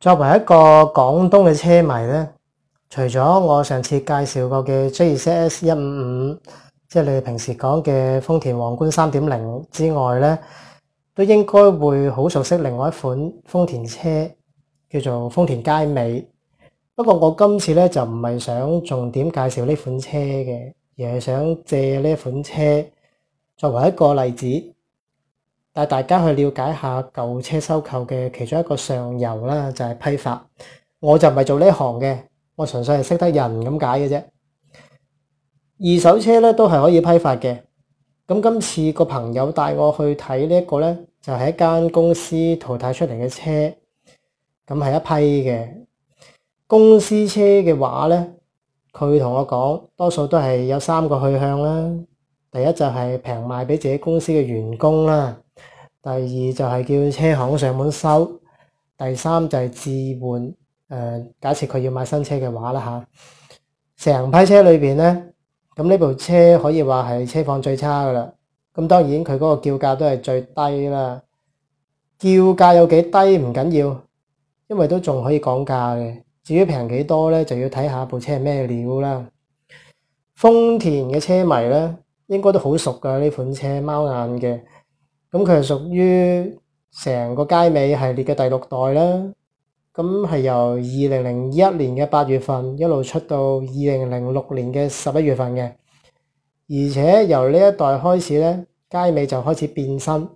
作為一個廣東嘅車迷咧，除咗我上次介紹過嘅 JZS 一五五，即係你哋平時講嘅豐田皇冠三點零之外咧，都應該會好熟悉另外一款豐田車，叫做豐田佳美。不過我今次咧就唔係想重點介紹呢款車嘅，而係想借呢款車作為一個例子。帶大家去了解下舊車收購嘅其中一個上游啦，就係批發。我就唔係做呢行嘅，我純粹係識得人咁解嘅啫。二手車咧都係可以批發嘅。咁今次個朋友帶我去睇呢一個咧，就係一間公司淘汰出嚟嘅車，咁係一批嘅公司車嘅話咧，佢同我講，多數都係有三個去向啦。第一就係平賣俾自己公司嘅員工啦。第二就係叫車行上門收，第三就係置換。誒、呃，假設佢要買新車嘅話啦吓，成、啊、批車裏邊咧，咁呢部車可以話係車況最差噶啦。咁當然佢嗰個叫價都係最低啦。叫價有幾低唔緊要，因為都仲可以講價嘅。至於平幾多咧，就要睇下部車係咩料啦。豐田嘅車迷咧，應該都好熟噶。呢款車貓眼嘅。咁佢係屬於成個佳美系列嘅第六代啦。咁係由二零零一年嘅八月份一路出到二零零六年嘅十一月份嘅。而且由呢一代開始咧，佳美就開始變身。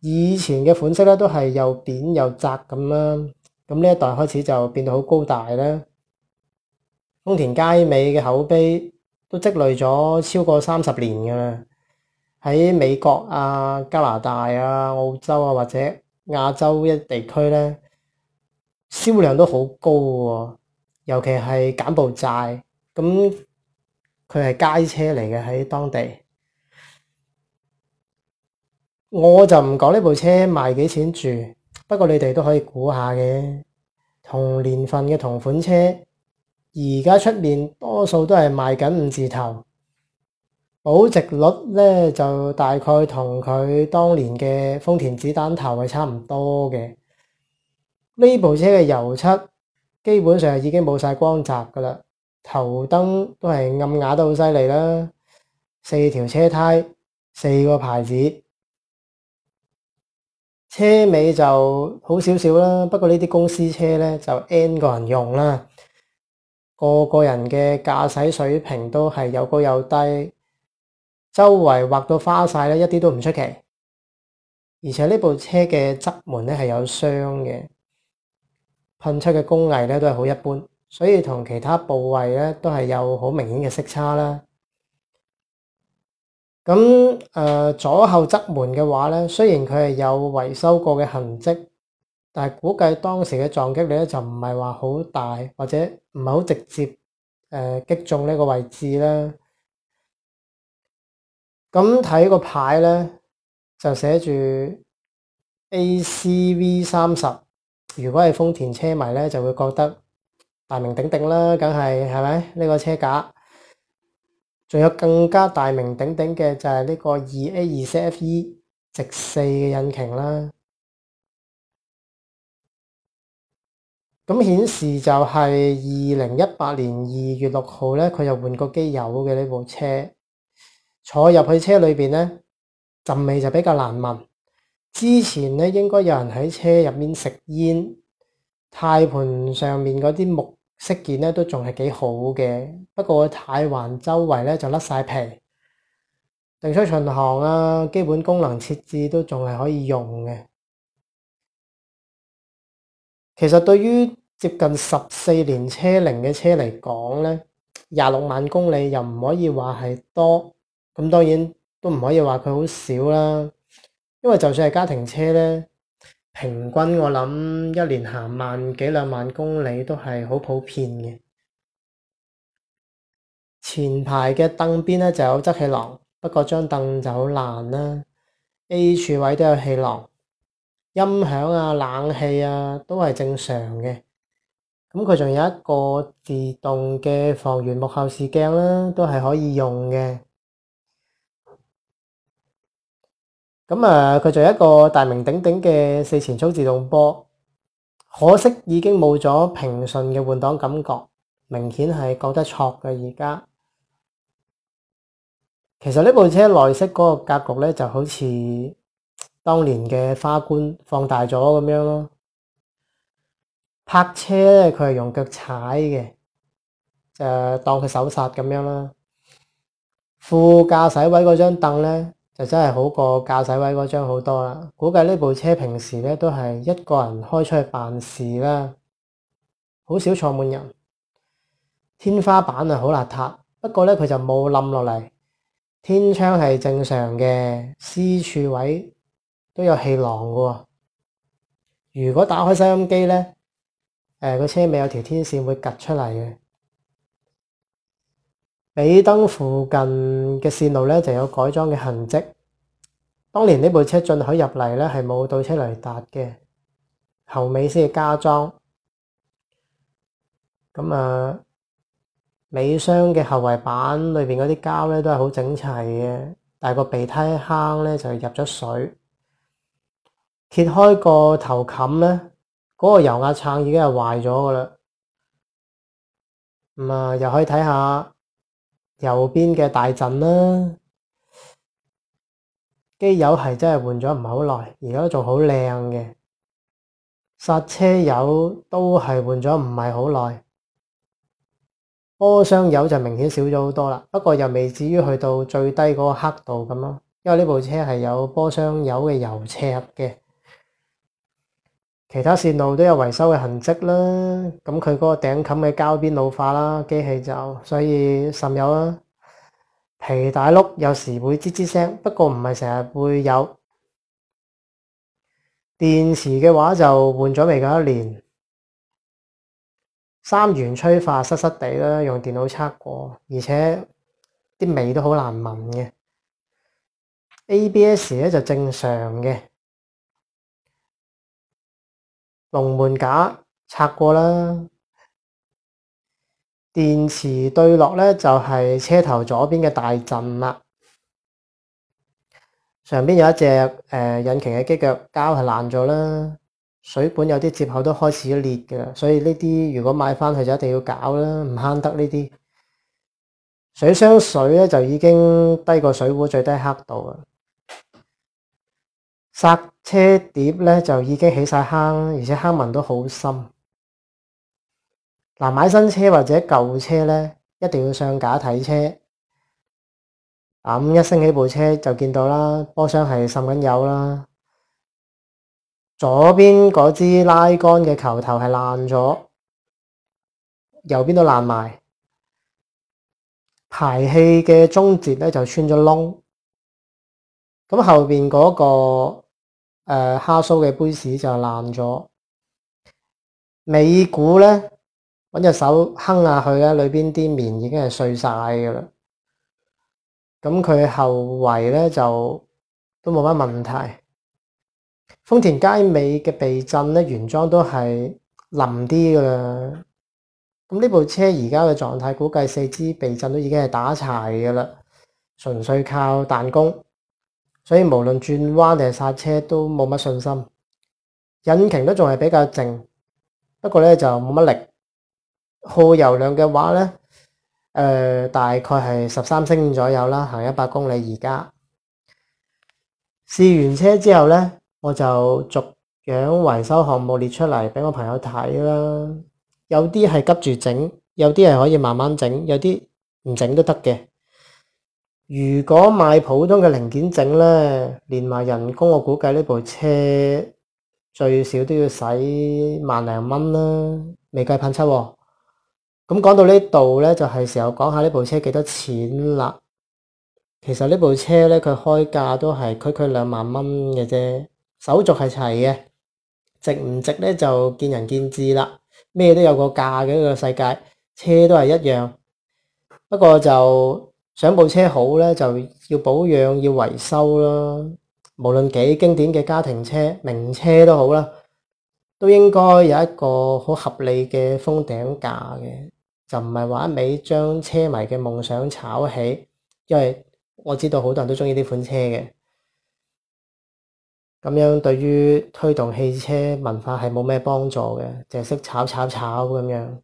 以前嘅款式咧都係又扁又窄咁啦。咁呢一代開始就變到好高大啦。豐田佳美嘅口碑都積累咗超過三十年㗎啦。喺美國啊、加拿大啊、澳洲啊或者亞洲一地區咧，銷量都好高喎、哦。尤其係柬埔寨。咁佢係街車嚟嘅喺當地。我就唔講呢部車賣幾錢住，不過你哋都可以估下嘅。同年份嘅同款車，而家出面多數都係賣緊五字頭。保值率咧就大概同佢當年嘅豐田子彈頭係差唔多嘅。呢部車嘅油漆基本上已經冇晒光澤噶啦，頭燈都係暗啞到好犀利啦。四條車胎，四個牌子，車尾就好少少啦。不過呢啲公司車咧就 N 個人用啦，個個人嘅駕駛水平都係有高有低。周圍畫到花晒咧，一啲都唔出奇。而且呢部車嘅側門咧係有傷嘅，噴出嘅工藝咧都係好一般，所以同其他部位咧都係有好明顯嘅色差啦。咁誒、呃，左後側門嘅話咧，雖然佢係有維修過嘅痕跡，但係估計當時嘅撞擊力咧就唔係話好大，或者唔係好直接誒擊、呃、中呢個位置啦。咁睇個牌咧，就寫住 A C V 三十。如果係豐田車迷咧，就會覺得大名鼎鼎啦，梗係係咪呢個車架？仲有更加大名鼎鼎嘅就係呢個二 A 二 C F E 直四嘅引擎啦。咁顯示就係二零一八年二月六號咧，佢又換過機油嘅呢部車。坐入去車裏邊呢，陣味就比較難聞。之前呢，應該有人喺車入面食煙。胎盤上面嗰啲木飾件呢都仲係幾好嘅，不過太環周圍呢，就甩晒皮。定速巡航啊，基本功能設置都仲係可以用嘅。其實對於接近十四年車齡嘅車嚟講呢，廿六萬公里又唔可以話係多。咁當然都唔可以話佢好少啦，因為就算係家庭車咧，平均我諗一年行萬幾兩萬公里都係好普遍嘅。前排嘅凳邊咧就有側氣囊，不過張凳就好爛啦。A 柱位都有氣囊，音響啊、冷氣啊都係正常嘅。咁佢仲有一個自動嘅防眩目後視鏡啦，都係可以用嘅。咁啊，佢做、嗯、一個大名鼎鼎嘅四前速自動波，可惜已經冇咗平順嘅換擋感覺，明顯係覺得挫嘅。而家其實呢部車內飾嗰個格局咧，就好似當年嘅花冠放大咗咁樣咯。泊車咧，佢係用腳踩嘅，就當佢手剎咁樣啦。副駕駛位嗰張凳咧。就真係好過駕駛位嗰張好多啦。估計呢部車平時咧都係一個人開出去辦事啦，好少坐滿人。天花板啊好邋遢，不過咧佢就冇冧落嚟。天窗係正常嘅，C 柱位都有氣囊嘅喎。如果打開收音機咧，誒、呃、個車尾有條天線會趷出嚟嘅。尾燈附近嘅線路咧就有改裝嘅痕迹。當年呢部車進口入嚟咧係冇倒車雷達嘅，後尾先係加裝。咁啊，尾箱嘅後圍板裏邊嗰啲膠咧都係好整齊嘅，但係個備胎坑咧就係入咗水。揭開個頭冚咧，嗰個油壓撐已經係壞咗噶啦。咁啊，又可以睇下。右邊嘅大震啦，機油係真係換咗唔係好耐，而家仲好靚嘅。剎車油都係換咗唔係好耐，波箱油就明顯少咗好多啦。不過又未至於去到最低嗰個刻度咁咯，因為呢部車係有波箱油嘅油尺嘅。其他線路都有維修嘅痕迹啦，咁佢嗰個頂冚嘅膠邊老化啦，機器就所以甚有啦。皮帶碌有時會吱吱聲，不過唔係成日會有。電池嘅話就換咗未夠一年，三元催化濕濕地啦，用電腦測過，而且啲味都好難聞嘅。ABS 咧就正常嘅。龍門架拆過啦，電池對落呢就係、是、車頭左邊嘅大震啦，上邊有一隻、呃、引擎嘅機腳膠係爛咗啦，水管有啲接口都開始裂嘅，所以呢啲如果買翻去就一定要搞啦，唔慳得呢啲。水箱水呢，就已經低過水壺最低刻度啦，塞。車碟咧就已經起晒坑，而且坑紋都好深。嗱、啊，買新車或者舊車咧，一定要上架睇車。咁、啊、一升起一部車就見到啦，波箱係滲緊油啦。左邊嗰支拉杆嘅球頭係爛咗，右邊都爛埋。排氣嘅中截咧就穿咗窿。咁、啊、後邊嗰、那個。誒，蝦鬚嘅杯士就爛咗，尾股咧揾隻手坑下去，咧，裏邊啲棉已經係碎晒噶啦。咁佢後圍咧就都冇乜問題。豐田佳美嘅避震咧原裝都係腍啲噶啦。咁呢部車而家嘅狀態估計四支避震都已經係打柴噶啦，純粹靠彈弓。所以無論轉彎定係煞車都冇乜信心，引擎都仲係比較靜，不過咧就冇乜力。耗油量嘅話咧，誒大概係十三升左右啦，行一百公里。而家試完車之後咧，我就逐樣維修項目列出嚟俾我朋友睇啦。有啲係急住整，有啲係可以慢慢整，有啲唔整都得嘅。如果買普通嘅零件整咧，連埋人工，我估計呢部車最少都要使萬零蚊啦，未計噴漆、哦。咁、嗯、講到呢度咧，就係、係、時候講下呢部車幾多錢啦。其實呢部車咧，佢開價都係區區兩萬蚊嘅啫，手續係齊嘅，值唔值咧就見仁見智啦。咩都有個價嘅呢、呢個世界，車都係一樣，不過就。想部車好咧，就要保養、要維修啦。無論幾經典嘅家庭車、名車都好啦，都應該有一個好合理嘅封頂價嘅，就唔係話一味將車迷嘅夢想炒起，因為我知道好多人都中意呢款車嘅，咁樣對於推動汽車文化係冇咩幫助嘅，淨係識炒炒炒咁樣。